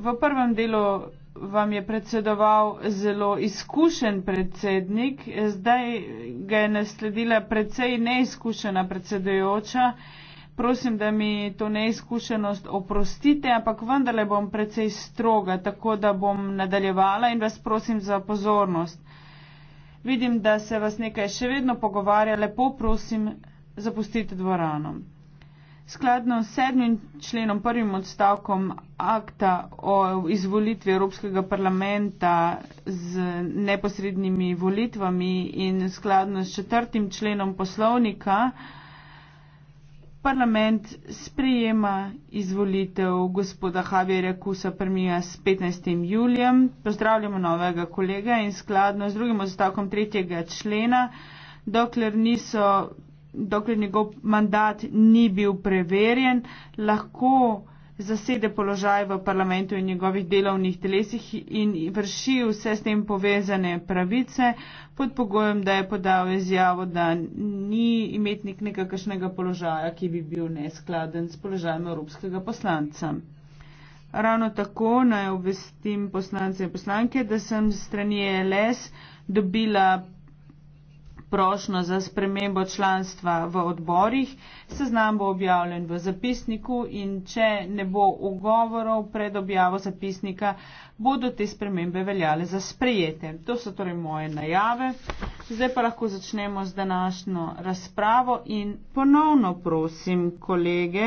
v prvem delu vam je predsedoval zelo izkušen predsednik, zdaj ga je nasledila precej neizkušena predsedujoča. Prosim, da mi to neizkušenost oprostite, ampak vendarle bom precej stroga, tako da bom nadaljevala in vas prosim za pozornost. Vidim, da se vas nekaj še vedno pogovarja, lepo prosim, zapustite dvorano. Skladno s sedmim členom, prvim odstavkom akta o izvolitvi Evropskega parlamenta z neposrednimi volitvami in skladno s četrtim členom poslovnika, parlament sprejema izvolitev gospoda Javierja Kusa Prmija s 15. julijem. Pozdravljamo novega kolega in skladno s drugim odstavkom tretjega člena, dokler niso dokler njegov mandat ni bil preverjen, lahko zasede položaj v parlamentu in njegovih delovnih telesih in vrši vse s tem povezane pravice pod pogojem, da je podal izjavo, da ni imetnik nekakšnega položaja, ki bi bil neskladen s položajem evropskega poslanca. Ravno tako naj obvestim poslance in poslanke, da sem strani e LS dobila prošnjo za spremembo članstva v odborih. Seznam bo objavljen v zapisniku in če ne bo ogovorov pred objavo zapisnika, bodo te spremembe veljale za sprejete. To so torej moje najave. Zdaj pa lahko začnemo z današnjo razpravo in ponovno prosim kolege.